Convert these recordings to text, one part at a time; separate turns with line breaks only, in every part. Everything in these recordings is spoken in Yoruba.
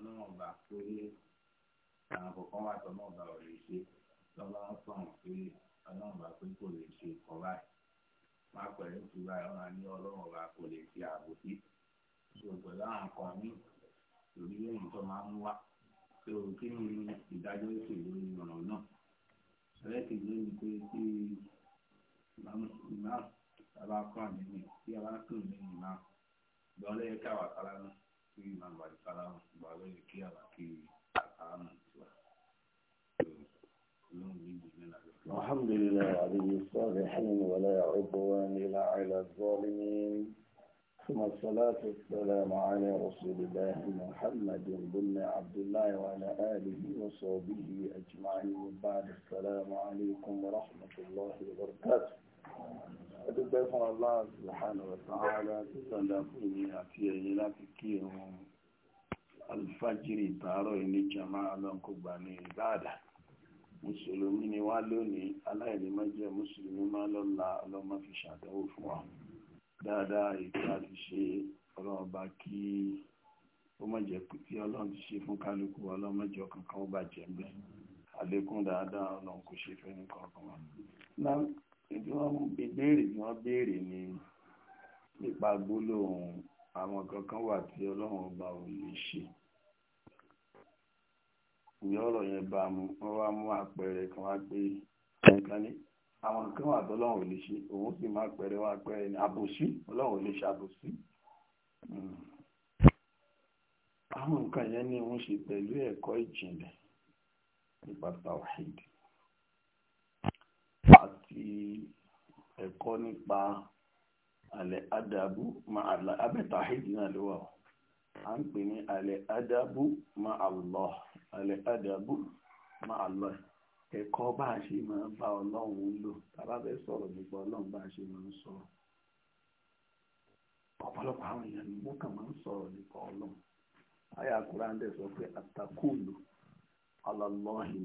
ọlọ́run ọba tó yé àwọn kọ̀ọ̀kan wà tọ́ náà ọba ò lè ṣe lọ́ba wọn fún àwọn pé ọlọ́run ọba pé kò lè ṣe ìkọ́ báyìí má pẹ̀lú ti báyìí wọn á ní ọlọ́run ọba kò lè ṣe ààbò sí ṣe pẹ̀lú àwọn nǹkan mí lẹ́yìn tó máa ń wá pé o kí ni ìdájọ́ ìṣèlú ìrọ̀rùn náà ẹlẹ́kìn ló ní pé tí ìmáà bá kàn nínú tí a bá kàn nínú ìmáà lọ́lẹ́ káwà kára náà. الحمد لله عليه الصالحين ولا عدوان إلا على الظالمين ثم الصلاة والسلام على رسول الله محمد بن عبد الله وعلى آله وصحبه أجمعين بعد السلام عليكم ورحمة الله وبركاته ẹdúpẹ́ fún Allah subhanahu wa ta'ala tó sọ̀dá fún mi àti ẹ̀yin láti kí ìrun alifájírì tààrọ̀ ní jama alọ́nkọgbà ní ìbáàdà mùsùlùmí ni wá lónìí aláìní má mùsùlùmí má lọ́la ọlọ́mọ fi ṣàdánwò fún wa dáadáa ètò àti ṣe ọlọ́ọ̀bá kí ó má jẹ́ pípí ti ṣe fún kálukú ọlọ́mọjọ kankan ó bàjẹ́ bẹ́ẹ̀ àlékún dáadáa ọlọ́run ibi wọn béèrè ni wọn béèrè ni nípa gbólóhùn àwọn kankan wà tí ọlọ́run ọba ò lè ṣe ìyá ọ̀rọ̀ yẹn bá mu wọ́n wá mú àpẹẹrẹ kan wá pé nǹkan ní àwọn kan wà tọ́lọ́run ò lè ṣe òun sì má pẹẹrẹ wá pẹẹrẹ àbòsí ọlọ́run ò lè ṣe àbòsí hmm. àwọn nǹkan yẹn ní wọ́n ṣe pẹ̀lú ẹ̀kọ́ ìjìnlẹ̀ nípa tawhid ẹ̀kọ́ nípa alẹ́ adabu ma ala abẹ́ta hìdí náà ló wà ó à ń pè adabu ma Allah alẹ́ adabu ma Allah ẹ̀kọ́ bá a ṣe máa bá ọlọ́run lò tàbá fẹ́ sọ̀rọ̀ nípa ọlọ́run bá a ṣe máa ń sọ̀rọ̀ ọ̀pọ̀lọpọ̀ àwọn èèyàn ni wọ́n kàn máa ń sọ̀rọ̀ nípa ọlọ́run ń dẹ̀ sọ pé àtàkùn lò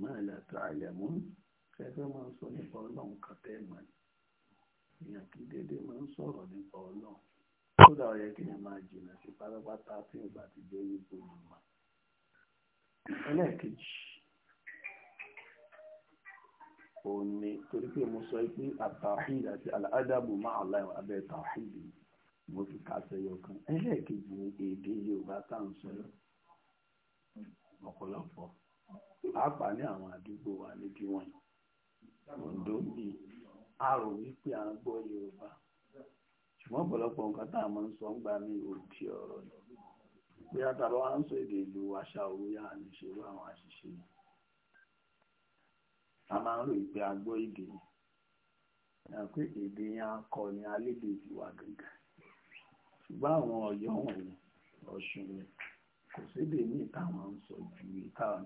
máa lè mú fẹ́fẹ́ máa sọ nípa ọlọ́run kan tẹ́ mọ́ èèyàn kì í déédéé máa ń sọ̀rọ̀ nípa ọlọ́run kódà ó kí èèyàn máa jìnnà sí pátápátá tí ìgbà ti jẹ́ yípo ìmọ̀ ẹlẹ́ẹ̀kejì òun ni torí pé mo sọ pé àtàhìd àti àdábò máa ala abẹ́ tàhìd mo fi kàṣẹ kan. ẹlẹ́ẹ̀kejì ni èdè Yorùbá tá à ń sọ ọ̀pọ̀lọpọ̀ pàápàá ní àwọn àdúgbò wa Ondo bí a rò wípé à ń gbọ́ Yorùbá ṣùgbọ́n nkata nǹkan tá a máa ń sọ ń gbà mí òdì ọ̀rọ̀ ni pé àtàrà wa ń sọ èdè ìlú àwọn àṣìṣe a máa ń rò wípé èdè pé èdè yẹn ni alédè ìwà gangan ṣùgbọ́n àwọn Ọ̀yọ́ wọ̀nyí Ọ̀ṣun yẹn kò sédè ní ìtàwọn ń nsọ ju ìtàwọn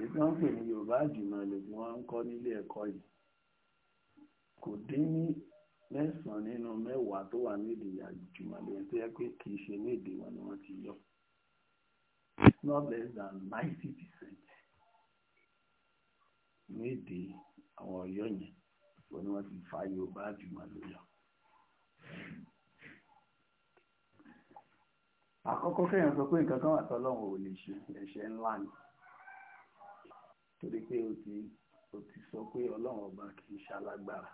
èyí pè ní yorùbá àjùmọ̀lò tí wọ́n ń kọ́ nílé ẹ̀kọ́ yìí kò dín ní mẹ́sàn-án nínú mẹ́wàá tó wà nídìí àjùmọ̀lò yẹn tó yẹ pé kì í ṣe méde wọn ni wọ́n ti yọ not less than ninety percent méde àwọn ọ̀yọ́ yẹn wọn ni wọ́n ti fa yorùbá àjùmọ̀lò yọ. àkọ́kọ́ kẹ́yìn sọ pé nǹkan kan wà tọ́lọ́run ò lè ṣe ẹ̀ṣẹ̀ ńlá ni torí pé o ti o ti sọ pé ọlọ́run ọba kì í ṣalágbára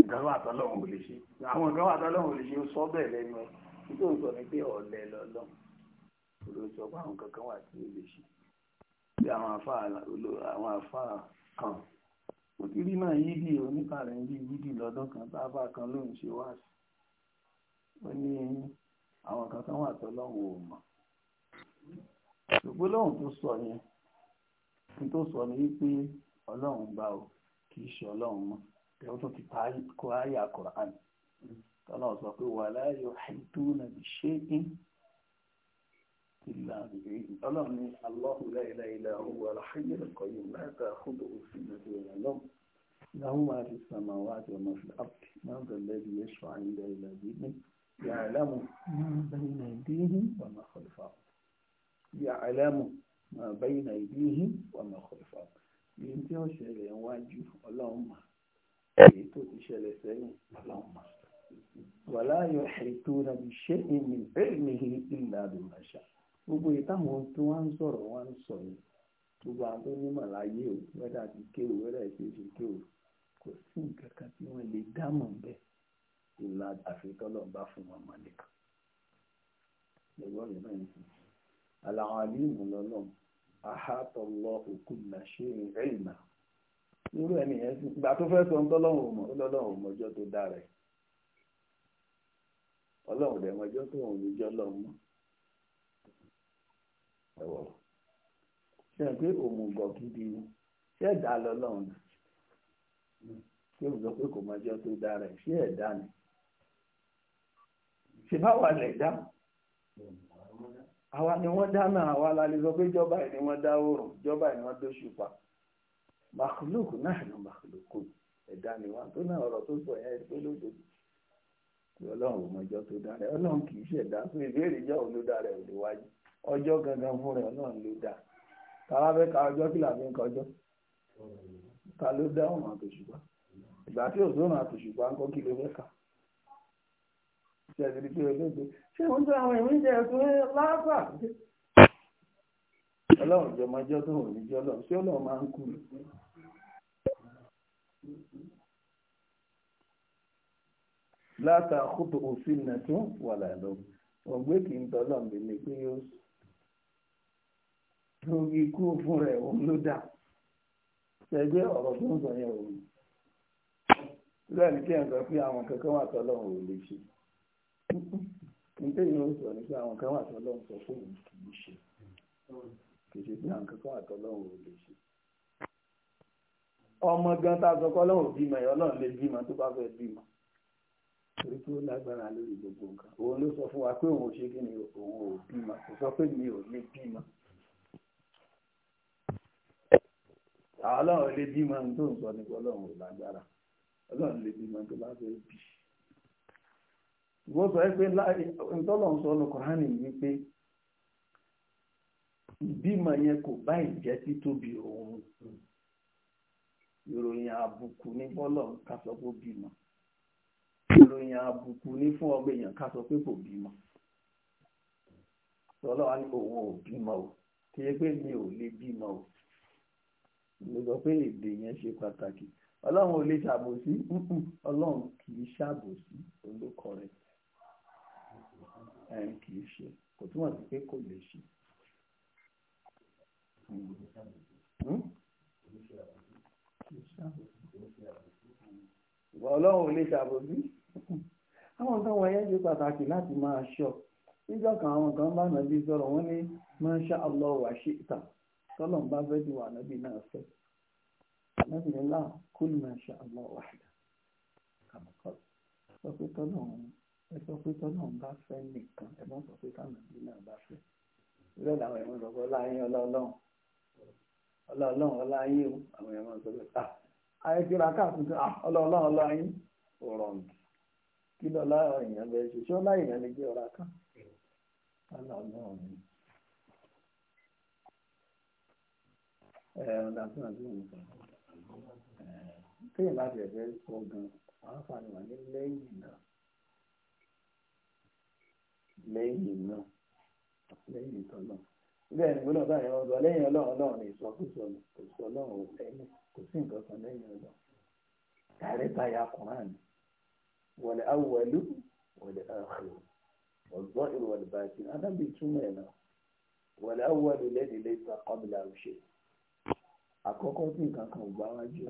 ìdáwọ́ àtọ́lọ́run ò lè ṣe àwọn ìdáwọ́ àtọ́lọ́run ò lè ṣe ó sọ bẹ́ẹ̀ lẹ́nu ẹ̀ nígbà tó ń sọ ni pé ọ̀lẹ lọ́lọ́run kò ló sọ pé àwọn kankan wà tí ó lè ṣe bí àwọn àfáà àwọn àfáà kan ó ti rí náà yídì oníkàrẹ̀ ń bí yídì lọ́dún kan tá a bá kan ló ń ṣe wáàsí ó ní àwọn kankan wà tọ́lọ́run ò mọ̀ ṣùgbọ́n lóhùn tó sọ yẹn kí tó sọ ni wípé ọlọ́run bá o kì í ṣe ọlọ́run mọ́ tẹ́wọ́ tó ti pa kó àyà Qur'an tọ́lọ́ sọ pé wà láàyò àìtúnà bí ṣé ń ìlà ọlọ́run ní Allahu la ilaha illa huwa al-hayyul qayyum la ta'khudhuhu sinatun wa la nawm lahu ma fi samawati wa ma fil ardi man dha alladhi yashfa'u 'indahu illa bi'idhnihi ya'lamu ma bayna aydihim wa ma khalfahum ya'lamu. máa bẹ́yìn náà ìbí yín wà máa kọ̀ ìfà bí tí ó ṣẹlẹ̀ wájú ọlọ́run mà èyí tó ti ṣẹlẹ̀ sẹ́yìn ọlọ́run mà wà láàyò ẹ̀tọ́ nàbí ṣé ìmì ẹ̀mí ìlà àdùnmáṣà gbogbo ìtàwọn tí wọ́n ń sọ̀rọ̀ wọ́n ń sọ yìí gbogbo àwọn tó láyé o wẹ́dà ti kéwò wẹ́dà ti ṣe kéwò kò sí nǹkan kan tí wọ́n lè dámọ̀ bẹ́ẹ̀ ìlà àfitọ́lọ̀ bá fún wọn mọ́ nìkan. ẹ̀gbọ́n mi náà ń sìn àlàó àlímù lọ́lọ́mù Aha Allahu kulla shay'in ilma irú ẹni yẹn sí ìgbà tó fẹ́ sọ ńlọ́lọ́run ọlọ́run ò tó dá ọlọ́run ò dẹ̀ tó òun níjọ́ lọ́run ẹ̀wọ̀ ṣe pé gidi ni ṣé ẹ̀dá lọ́lọ́run o sọ pé kò mọjọ́ tó dá ṣé ẹ̀dá ni ṣe báwa àwa ni wọ́n dáná àwa la lè sọ pé jọba ẹ̀ ni wọ́n dá oòrùn jọba ẹ̀ ni wọ́n dó ṣùpá makhluk náà ni makhlukun ẹ̀dá ni wọ́n tó náà ọ̀rọ̀ tó sọ yẹn pé lójoojú pé ọlọ́run ò mọjọ́ tó dára ẹ̀ ọlọ́run kì í ṣẹ̀dá fún ìbéèrè jọ́ òun ló dára ẹ̀ léwájú ọjọ́ gangan fún rẹ̀ ọlọ́run ló dá káwá fẹ́ ka ọjọ́ kí làbí ń kọjọ́ ta ló dá òun àtòṣùpá ìgbà tí òṣòro ń kọ́ kí ló fẹ́ kà á ṣe àgbèrè pé ọjọ́ ìgbé ṣé wọ́n tó àwọn ìwé ìjẹ́ ẹ̀kún láàpà ọlọ́run jọ máa jọ́ tó wọ̀ ní jọ́ lọ́run ṣé ọlọ́run máa ń kú látà kótó òfin nà tó wà lálọ́ ọ̀gbẹ́ kì í tọ́lọ̀ mi ni pé yóò lórí ikú fún rẹ̀ òun ló dà ṣẹgbẹ́ ọ̀rọ̀ tó ń sọ yẹn òun lẹ́yìn kí ẹ̀ ń sọ pé àwọn kankan wà tọ́lọ̀ òun lè ṣe nígbà yìí ó sọ pé àwọn kan wà tọ́lọ́run sọ fún òun kì í ṣe kì í ṣe pé àwọn kan wà tọ́lọ́run ò lè ṣe. ọmọ gan tá sọ kọ́ lọ́run bímọ ẹ̀ ọlọ́run lè bímọ tó bá fẹ́ bímọ torí pé lágbára lórí gbogbo nǹkan òun ló sọ fún wa pé òun ò ṣe kí ni òun ò bímọ kò sọ pé mi ò lè bímọ. àwọn ọlọ́run lè bímọ tó ń sọ nípa ọlọ́run ò lágbára ọlọ́run lè bímọ tó bá fẹ́ bíi. wọ́n sọ pé ìtọ́lọ̀ ń sọ ọ́nà kọ̀ránì wípé ìbímọ yẹn kò bá ìjẹ́ títóbi òun ìròyìn àbùkù ní bọ́lọ̀ ká sọ pé bímọ ìròyìn àbùkù ní fún ọgbẹ́ èèyàn ká sọ pé kò bímọ tọ́lọ́ wa ní òun ò bímọ o kì í pé mi ò lè bímọ o mo sọ pé èdè yẹn ṣe pàtàkì ọlọ́run ò lè ṣàbòsí ọlọ́run kì í ṣàbòsí olókọ rẹ̀ ẹ̀yìn kì í ṣe kò túmọ̀ sí pé kò lè ṣe. Hmm? ìwà ọlọ́run ò lè ṣàbòsí àwọn nǹkan wọ̀nyẹn ṣe pàtàkì láti máa ṣọ níjọ́ kan àwọn kan bá nàbí sọ̀rọ̀ wọ́n ní masha Allah wa shi'ta tọ́lọ̀ ń bá fẹ́ ti wà nàbí náà fẹ́ nàbí nílá kul masha Allah wahda kàmọ́kọ́ sọ pé tọ́lọ̀ ń ẹ sọ pé tọ́nà ń bá fẹ́ nìkan ẹ mọ́ sọ pé tọ́nà bí náà bá fẹ́ ìrọ̀ làwọn ẹ̀wọ̀n sọ pé ọláyín ọlọ́ọ̀lọ́hùn ọlọ́ọ̀lọ́hùn ọláyín o àwọn ẹ̀wọ̀n sọ pé à ayé kí ra káàkiri sí ọlọ́ọ̀lọ́hùn ọláyín ọ̀rọ̀ kí lọ́lá èèyàn bẹ́ẹ̀ ṣe ṣé ọlá èèyàn lè gbé ọ̀rá kan ọlọ́ọ̀lọ́hùn ni. ọ̀dà tí wọ́n ti wọ́n sọ kéèyàn lẹ́yìn náà lẹ́yìn tọ́lá bẹ́ẹ̀ ni gbọ́dọ̀ báyìí wọ́n sọ lẹ́yìn ọlọ́run náà ni ìsọkúsọ ni kò sí ọlọ́run ò lẹ́yìn kò sí nǹkan kan lẹ́yìn ọlọ́run tààrẹ́ táyà kùnrán wọlé awọlú wọlé àkàrò ọgbọ́n ìrọ̀lù bàjẹ́ adábì túmọ̀ ẹ̀ náà wọlé awọlú lẹ́dí lẹ́sà kọ́bìlà òṣè àkọ́kọ́ tí nǹkan kan ò gbá wájú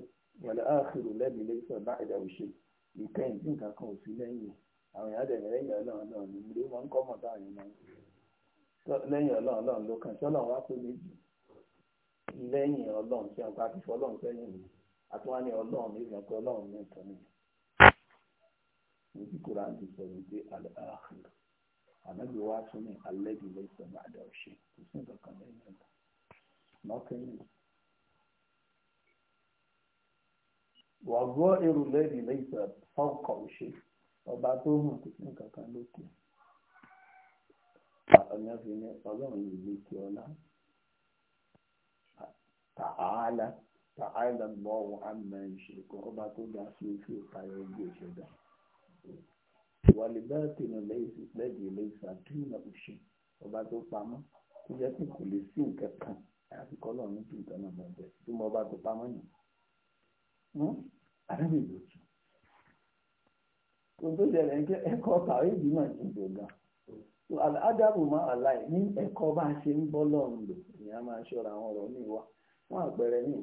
wọlé àkàrò lẹ́dí lẹ́sà báyìí òṣè ìkẹyìn tí nǹkan kan ò sí lẹ́yìn àwọn èèyàn dẹ̀ ní lẹ́yìn ọlọ́run náà ní ilé wọn ń kọ́ mọ̀ táwọn èèyàn máa ń lẹ́yìn ọlọ́run náà ló kàn tí ọlọ́run wá pé méjì lẹ́yìn ọlọ́run tí wọn bá fi fọ́ ọlọ́run sẹ́yìn mi àtúwá ní ọlọ́run ní ìgbà pé ọlọ́run ní ìtàn mi níbi kúrò àti sọ̀rọ̀ pé àlàáfíà ànágbé wa tún ní alẹ́ bí ilé ìsọ̀rọ̀ máa dà ọ̀ṣẹ́ kò sí nǹkan kan lẹ́yìn ọ̀la lọ́kẹ́yìn. wàá èrò lẹ́yìn ilé ìsọ̀rọ̀ fọ́ọ̀kọ̀ ọ̀ṣẹ́ ọba tó mọ̀ kò sí nǹkan kan lókè ọ̀nà fi ní ọlọ́run ìlú ti ọlá tààlà tààlà lọ́wọ́ àmà ìṣègùn ọba tó dá sí ojú ìtayọ ojú ìṣẹ̀dá ìwàlẹ̀ bẹ́ẹ̀ tèmi lẹ́yìn lẹ́dí ilé ìsàdúnà òṣè ọba tó pamọ́ tó jẹ́ pé kò lè sí nǹkan kan àti kọ́lọ́run bí nǹkan náà bẹ̀rẹ̀ tí mo bá tó pamọ́ nù. kò tó ṣẹlẹ̀ ń pẹ́ ẹ̀kọ́ kàwé ìgbìmọ̀ ìdìbò gan adábò máa wà láì ní ẹ̀kọ́ bá ṣe ń bọ́ lọ́run lò máa ṣọ́ra àwọn ọ̀rọ̀ ní ìwà fún àpẹẹrẹ ní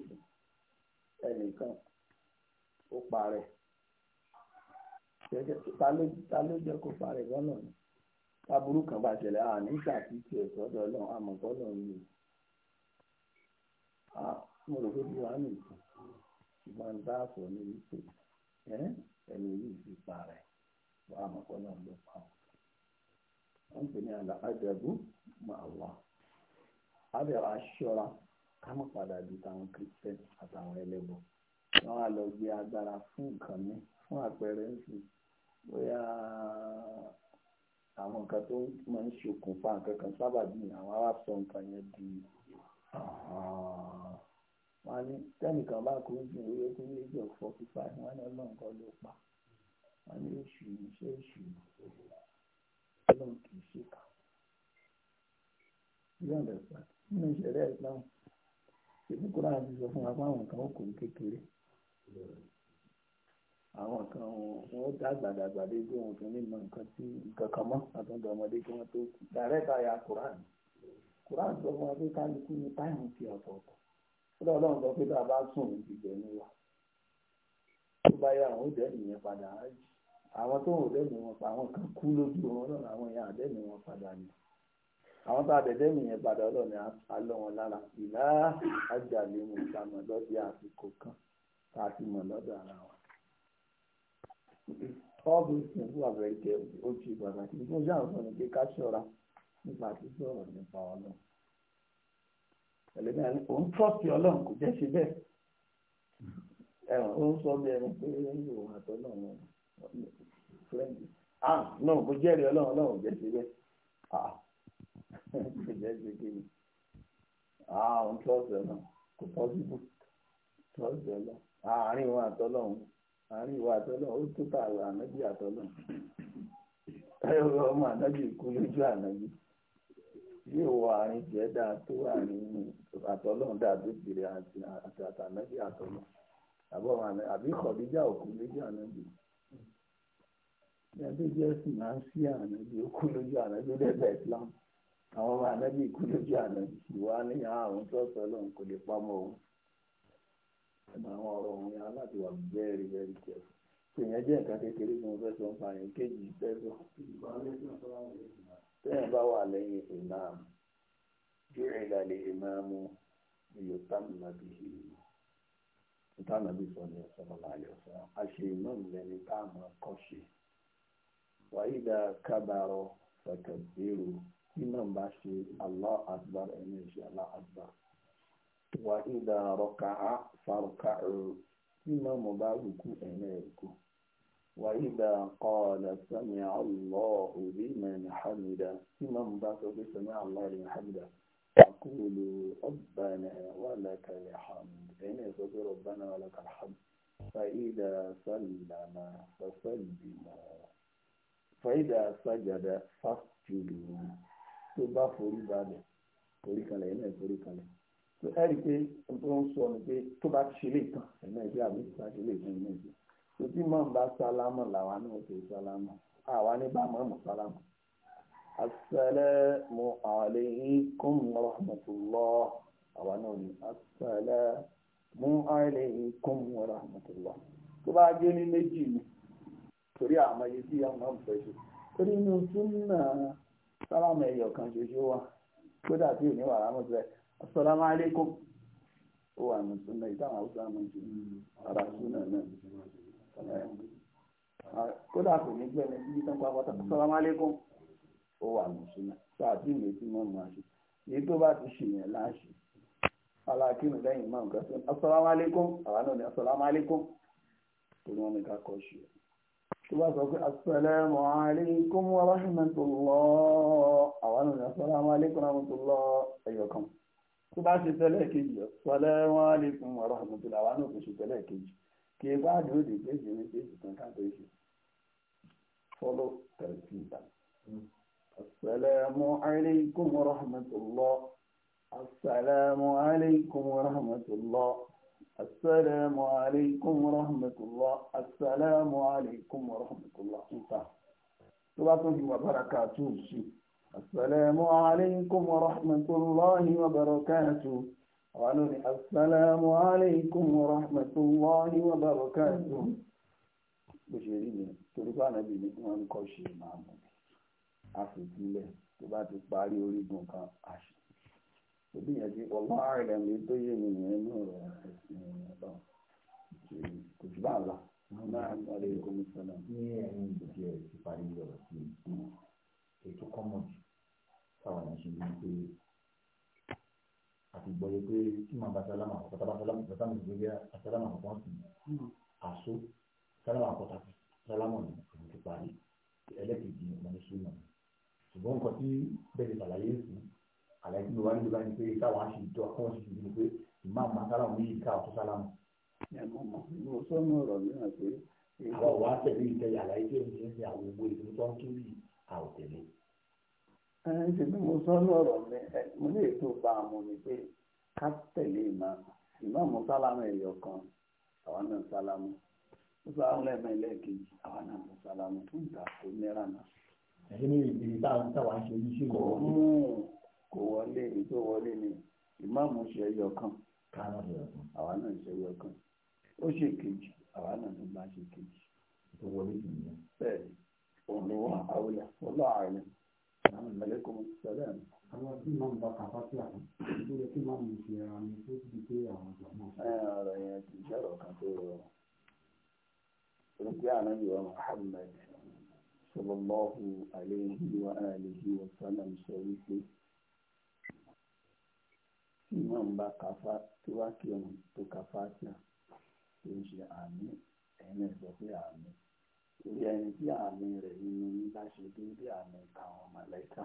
ẹnìkan ó parẹ́ ta ló jẹ́ kó parẹ́ lọ́nà ni aburú kan bá ṣẹlẹ̀ à ní ṣàtúnṣe ẹ̀sọ́ ọ̀dọ̀ ọlọ́run àmọ̀kọ́ lọ́run mo rò pé bí wàá nìkan ṣùgbọ́n dáàbò ní wípé yìí parẹ́. wà á mọ̀ pé náà ló pa ọ́. wọ́n ń pè ní àlà àjẹ̀bú máa wà. àbẹ̀rẹ̀ aṣọra ká mọ̀ padà di táwọn kírísítẹ́n àtàwọn ẹlẹ́bọ. wọ́n á lọ gbé agbára fún nǹkan mi àwọn nǹkan tó máa ń ṣokùnfà nǹkan kan sábà bí àwọn ará sọ nǹkan yẹn di wọ́n á ní tẹ́nìkan bá kú ju orí okùn méjì ọ̀fọ́ fífa ìwọ́n ní ọlọ́run kan ló pa wọ́n ní èṣù iṣẹ́ èṣù ọlọ́run kì í ṣe kà nínú ìṣẹ̀lẹ̀ ìsìlámù ìlú kúrò àti sọ fún wa pé àwọn kan kò kékeré àwọn kan wọn dàgbà dàgbà dé bí wọn kò ní mọ nǹkan tí nǹkan ọmọdé kí wọn tó kú dàrẹ́tà ya kúránì kúránì sọ fún wa pé kálukú ní táìmù ti ọ̀tọ̀ọ̀tọ̀ kódà ọlọ́run sọ pé tá a bá sùn ní ìgbẹ́ ní wa tó bá yà wọn jẹ́ ìyẹn padà á àwọn tó ń wò dẹ́mi wọn pa àwọn kan kú lójú wọn náà àwọn èèyàn àdẹ́mi wọn padà ni àwọn tá a dẹ̀dẹ́mi yẹn padà ọlọ́ọ̀ni alọ́ wọn lára ìlà àjàlè mu ìsàmọ̀ lọ́dí àsìkò kan tá a ti mọ̀ lọ́dọ̀ ara wọn. all those things wà very careful ó ti pàtàkì fún jáàmù fún mi pé ká ṣọ́ra nípa sísọ̀rọ̀ nípa ọlọ́run. ẹlẹ́mìíràn òun trọ́ọ̀tì ọlọ́run kò jẹ́ ṣe bẹ́ẹ̀ ẹ̀wọ̀n ó ń sọ bí ẹni pé yóò wà tọ́lọ́run ah no mo jẹ́rìí ọlọ́run ọlọ́run jẹ́ ṣe bẹ́ẹ̀ ah kò jẹ́ ṣe kí ni ah òun trọ́ọ̀sì ọlọ́run kò pọ́sibú trọ́ọ̀sì ah, ọlọ́run àárín ìwọ àtọ́lọ́run àárín ìwọ àtọ́lọ́run ó tún tààrà ànábì àtọ́lọ́run ẹ̀rọ ọmọ ànábì kú lójú ànábì bí ìwọ àárín jẹ́ dáa tó àárín àtọ́lọ́run dáa tó jèrè àti àtànábì àtọ́lọ́run àbí ìkọ̀díjà òkú lójú ànábì ẹgbẹ́ jẹ́ sì máa ń sí ànábì ó kú lójú ànábì ó dẹ̀bẹ̀ islam àwọn ọmọ ànábì kú lójú ànábì ìwà ní àwọn tó sọ lọ́hùn kò lè pamọ́ òun ẹ̀mọ àwọn ọ̀rọ̀ òun yẹn láti wà very very careful kò yẹn jẹ́ nǹkan kékeré tí mo fẹ́ sọ ń pa yẹn kéjì fẹ́ sọ. tẹ́yìn bá wà lẹ́yìn ìmáàmù jùlọ ìlàlẹ̀ ìmáàmù ìyótámù nàbí ìlú ìtànàbí sọ ní ọ̀sán ọ̀la àlẹ́ ọ̀sán àṣẹ ìmáàmù وإذا كبروا فكبروا إمام باشي الله أكبر إن شاء الله أكبر وإذا ركع فاركعوا إمام باركو إليكم وإذا قال سمع الله لمن حمده إمام بارك سمع الله لمن حمده فقولوا ربنا ولك الحمد إن ربنا ولك الحمد فإذا سلم فسلم Faida sàjàdà fàtìlù tó bá forí balẹ̀ forí kalẹ̀ ẹ̀ náà forí kalẹ̀ tó ẹ rí n tó ń sọ ni pé tó bá ṣe lè tán ẹ̀ náà ṣe àbí tó lè tán ẹ̀ náà ṣe tí mọ̀ bá sálámà làwa náà ṣe sálámà àwa ní bá mọ̀ mọ̀ sálámà. asalaamu alaykum wa rahmatulah àwa náà torí àmọ́ iye tí àwọn náà fẹ́ ṣe torí inú súnà sálámù ẹ̀yọ̀ kan ṣoṣo wa kódà tí òní wàrà mọ̀ sílẹ̀ assalamu alaikum ó wà nù súnà ìtàwọn haúsá mọ̀ jù ara súnà náà kódà kò ní gbẹ̀mí sí ìtàn pápátá assalamu alaikum ó wà nù súnà sáàtì ìwé tí wọ́n máa ṣe èyí tó bá ti ṣe yẹn láṣẹ aláàkínú lẹ́yìn máa ń gbà sí assalamu alaikum àwọn náà ní assalamu alaikum tó ní wọ́n ní ká kọ́ ṣe tó bá sọ pé asalaamu alaykum wa rahmatulah àwọn ènìyàn asalaamu alaykum wa rahmatulah ẹyọ kan tó bá ṣe tẹ́lẹ̀ kejì asalaamu alaykum wa rahmatulah àwọn ènìyàn kò ṣe tẹ́lẹ̀ kejì kí ẹ bá dúró de péjì ní péjì kan ká tó ṣe follow tẹ̀síta asalaamu alaykum wa rahmatulah asalaamu alaykum wa rahmatulah. السلام عليكم ورحمة الله السلام عليكم ورحمة الله انتهى تبعتم وبركاته السلام عليكم ورحمة الله وبركاته قالوا لي السلام عليكم ورحمة الله وبركاته بشيرين تلقى نبي نكون كوشي معمول àfìdílẹ̀ tó bá ti parí orígun gbìyànjú ọlọ́ àrẹ̀ mi tó yé mi nìyẹn ní ọ̀rọ̀ ẹ̀sìn ọlọ́run kò jù bá a lọ máa ń lọ lórí omi sọ́nà. ní ẹ̀yìn ìdòkè ẹ̀ ti parí ọ̀rọ̀ sí ètò kọ́mọ̀ jù táwọn èèyàn ṣe ní pé àti gbọ́yé pé tí màá bá sálámà àkọ́kọ́ tá bá sálámà àkọ́kọ́ tá mi gbé bí sálámà àkọ́kọ́ sí àṣó sálámà àkọ́kọ́ tá sálámà ní ìdòkè parí ẹlẹ́kẹ̀ẹ́jì ọmọdé sùn náà ṣùgbọ́n nǹkan tí bẹ́ẹ̀ àlàyé mi wà ní ìlú pé káwọn á sì jọ káwọn sì jù pé ìmọ̀ àmọ́ sálámù yìí ká ọ̀tún sálámù. mo wa tẹ̀lé ìtẹ̀yà àlàyé tí èmi ṣe ń ṣe àwọn tó ń kiri àwòtẹ́lẹ̀. ẹ ṣe bí mo sọ́nù ọ̀rọ̀ mi mo ní ètò bá a mọ̀ ni pé ká tẹ̀lé ìmáàmù ìmáàmù sálámù ẹ̀yọ̀ kan àwọn náà sálámù ó sálámù lẹ́ẹ̀mẹ́lẹ́ẹ̀kejì àwọn náà sálámù fún ìgbà tó nẹ́rà náà. ẹ̀yin ní ìbí kò wọlé èyí tó wọlé ni ìmáàmù ṣe ẹyọ kan àwa náà ṣe ẹyọ kan ó ṣe kejì àwa náà tó bá ṣe kejì. tó wọlé jù ní. bẹ́ẹ̀ òun ló wà àwòlẹ ọlọ ààrẹ àwọn ìmọlẹkùn sọlẹ. àwọn tí màá ń bá kàfá sí àwọn tó yẹ kí màá mú ṣe ara mi tó ti àwọn náà. ẹ ọ̀rọ̀ yẹn kan tó olùkọ́ àná yìí imam bá kàfá tó wá kírun tó kàfá tíà tó ń ṣe àmì ẹ̀yìn náà sọ pé àmì torí ẹni tí àmì rẹ̀ nínú yín bá ṣe déédéé àmì táwọn mọ̀lẹ́kà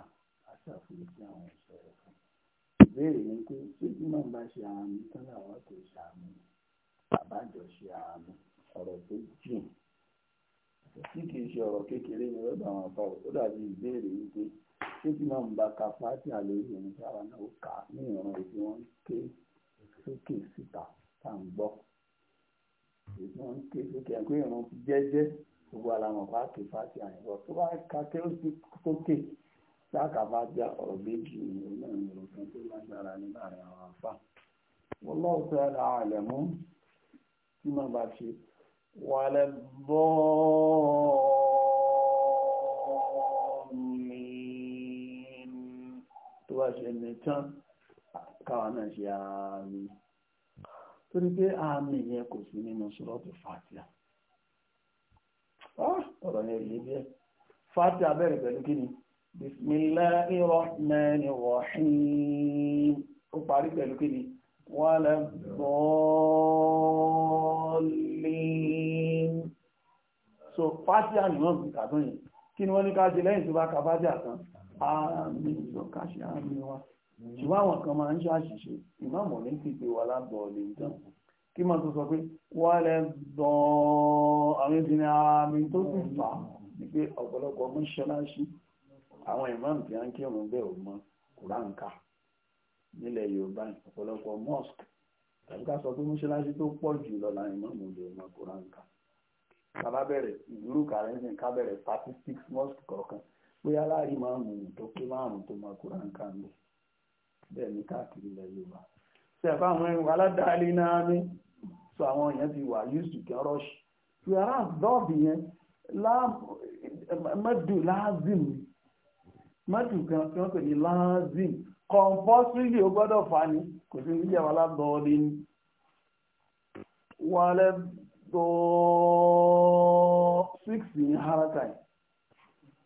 á ṣàfihàn àwọn ìṣẹ̀lẹ̀ fún ìbéèrè ni pé tí màá bá ṣe àmì tán làwọn kò ṣe àmì àbájọ ṣe àmì ọ̀rọ̀ tó jìn tí kì í ṣe ọ̀rọ̀ kékeré ni lọ́dọ̀ àwọn afáwọ̀ tó dàbí ìbéèrè yìí pé títí náà ń bá ka pàtì àlejò ní sára náà ó kà á ní ìran èyí wọ́n ń ké sókè síta tá à ń gbọ́ èyí wọ́n ń ké sókè ẹ̀kọ́ ìran jẹ́jẹ́ gbogbo àlànà pàtì pàtì àyẹ̀wò tó bá ka ké ó sì sókè sáàkà bá já ọ̀rọ̀ méjì ìrìn náà ní ọ̀rọ̀ kan tó lágbára ní láàrin àwọn afá wọ́n lọ́wọ́ fẹ́ ra àlẹ̀ mú tí wọ́n bá ṣe wàlẹ̀ bọ́ọ̀. bá ṣẹlẹ̀ tán káwa náà ṣe àmì torí pé àmì yẹn kò sí nínú sọ́ọ̀tù fàtíà ah, ọ̀rọ̀ yẹn yìí bẹ́ẹ̀ fàtíà bẹ̀rẹ̀ pẹ̀lú kí ni bismillahi rahmani rahim ó parí pẹ̀lú kí ni wàlẹ̀ bọ́ọ̀lì so fàtíà ni wọ́n kà tó yẹn kí ni wọ́n ní ká ṣe lẹ́yìn tó bá ka fàtíà tán àmì ìjọkáṣí àmì wa ṣùgbọ́n àwọn kan máa ń ṣàṣìṣe ìmáàmù ní pípé wa lábọ̀ lè dán kí máa tó sọ pé wà lẹ́ dán àwọn ìdíni àmì tó sì fà ní pé ọ̀pọ̀lọpọ̀ mọ́ṣáláṣí àwọn ìmáàmù tí a ń kírun bẹ́ẹ̀ ò mọ kùráǹkà nílẹ̀ Yorùbá ọ̀pọ̀lọpọ̀ mosque tàbí ká sọ pé mọ́ṣáláṣí tó pọ̀ jù lọ làwọn ìmáàmù lè mọ kùráǹkà ká bá bẹ̀rẹ̀ ìdúró kàrẹ́ńsìn ká bẹ̀rẹ̀ statistics mosque kọ̀ọ̀kan bóyá láàrin márùn-ún tó pé márùn-ún tó máa kúrò nǹkan mi bẹ́ẹ̀ ni káàkiri ilẹ̀ yorùbá ṣe ẹ̀fọ́ àwọn ẹ̀rù aládàálé náà ní sọ àwọn èèyàn ti wà yusuf kẹrọ́ọ̀ṣì ṣe ará dọ́ọ̀bì yẹn mẹ́dù láàzìm mẹ́dù kan tí wọ́n pè ní láàzìm kọ̀ǹpọ́sìlì ó gbọ́dọ̀ fà kò sí ní ìyàwó aládọ́ọ̀lé ní wàlẹ́ dọ́ọ̀ six ní haraka yìí.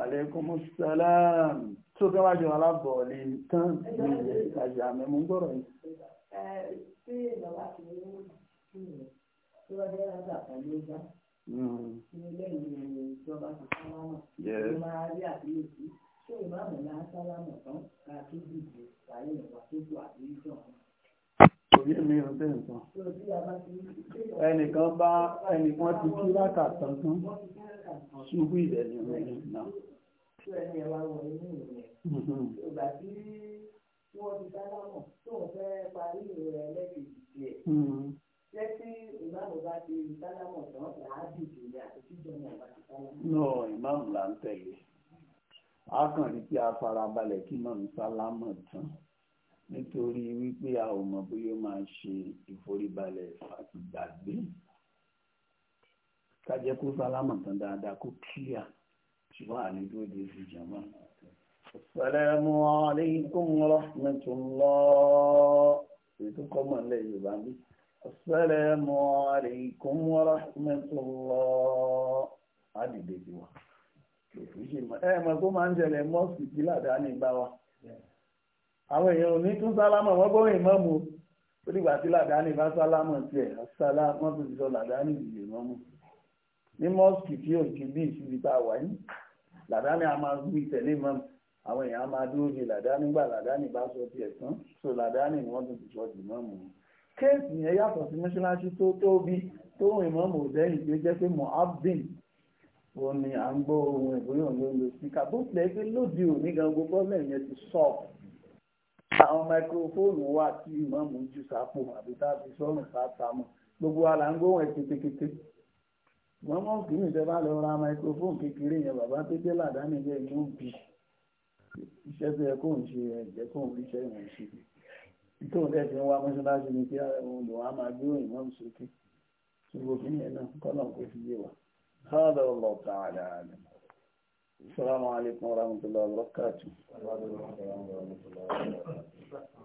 Àlékún Mùsùlùm. Tó kí wá jẹ́ alábọ̀ lè tán ní ilẹ̀ ìtajà mẹ́mú gbọ́rọ̀ yìí. Tí ìjọba ti ní tí wọ́n jẹ́ lágbà pẹ̀lú ọjà, ní ilé ìlú ìjọba ti sálámà, ìjọba rí àkíyèsí, ṣé ìmáàmù náà ẹnìkan bá ẹnìkan ti kí lákàtàn tán ṣubú ilẹ̀ ni wọ́n ní náà. tí ẹni ẹ wá wọ inú ìyẹn mhm. ìgbà tí wọ́n ti sálámọ̀ tó ń fẹ́ parí ìrẹ̀ lẹ́kìtì tiẹ̀ jẹ́ mhm. kí ìmáàmù bá ti sálámọ̀ tán làá dìde ní àtúntí ìjọba ìbá ti sálámọ̀. náà ìmáàmù là ń tẹ̀lé a kàn rí pé a farabalẹ̀ kí mọ̀mí sálámọ̀ tán nítorí wípé a ò mọ̀ bóyá ó máa ṣe ìforíbalẹ̀ àti gbàgbé kájẹ́ kó sálámà tán dáadáa kó kíyà ṣùgbọ́n àlejò èdè sí jàmá. Assalamu alaikum warahmatullah ètò kọ́mọ̀ lẹ̀ Yorùbá bí. Assalamu alaikum warahmatullah àdìdè ti wà. Ẹ mọ̀ tó máa ń ṣẹlẹ̀ mọ́ọ̀sì tí ládàáni bá wa. Àwọn èèyàn ò ní tún sálámà wọ́n gbọ́ ìmọ̀mù. Ó dìgbà tí ládàáni bá sálámà tiẹ̀, sálámà tó ti sọ ládàáni ìdìbò mọ́mù ní mọ́ọ̀sì tí ò ti bí ìsibí bá wà ní làdáni a máa gbé tẹ̀lé mọ́ àwọn èèyàn a máa dúró de làdáni gbà làdáni bá sọ tiẹ̀ tán so làdáni ni wọ́n tún ti sọ jù mọ́ mu. kéèsì yẹn yàtọ̀ sí mọ́ṣáláṣí tó tóbi tó rìn mọ́ mò dẹ́yìn tó jẹ́ pé mohabdin òun ni à ń gbọ́ ohun ìgbóyè òun ló ń lo síkà bó tilẹ̀ pé lóde òní gan gbogbo ọ̀lẹ́ yẹn ti sọ̀pù àwọn máikrófóònù wà tí ìmọ̀ọ́mù jù sápò àbí tá a fi sọ́run sáà tamọ̀ gbogbo wa là ń gbóhùn ẹ̀ kétékété wọ́n mọ̀ kí nìjẹ́ bá lọ ra microphone kékeré yẹn bàbá pété làdáni yẹn yóò bì iṣẹ́ tó yẹ kó ń ṣe ẹ̀jẹ̀ kó ń ríṣẹ́ ìwọ̀n ṣe tó ń tẹ̀sí wá mọ́ṣáláṣí ni kí àwọn olùwà máa gbé òyìn mọ́ sókè gbogbo kí yẹn náà kọ́nà kò fi yé wa. هذا والله تعالى أعلم السلام عليكم ورحمة الله وبركاته